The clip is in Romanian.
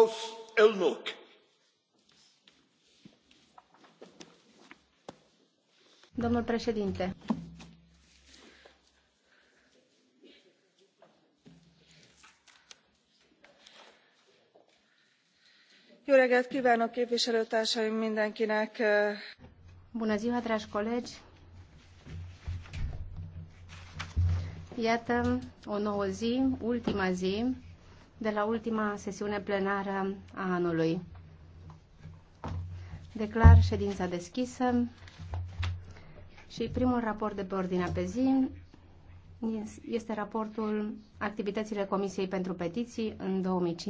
aus Elnök. Domnul președinte. Jó reggelt kívánok képviselőtársaim mindenkinek! Eh. Bună ziua, dragi colegi! Iată o nouă zi, ultima zi de la ultima sesiune plenară a anului. Declar ședința deschisă și primul raport de pe ordinea pe zi este raportul activitățile Comisiei pentru Petiții în 2005.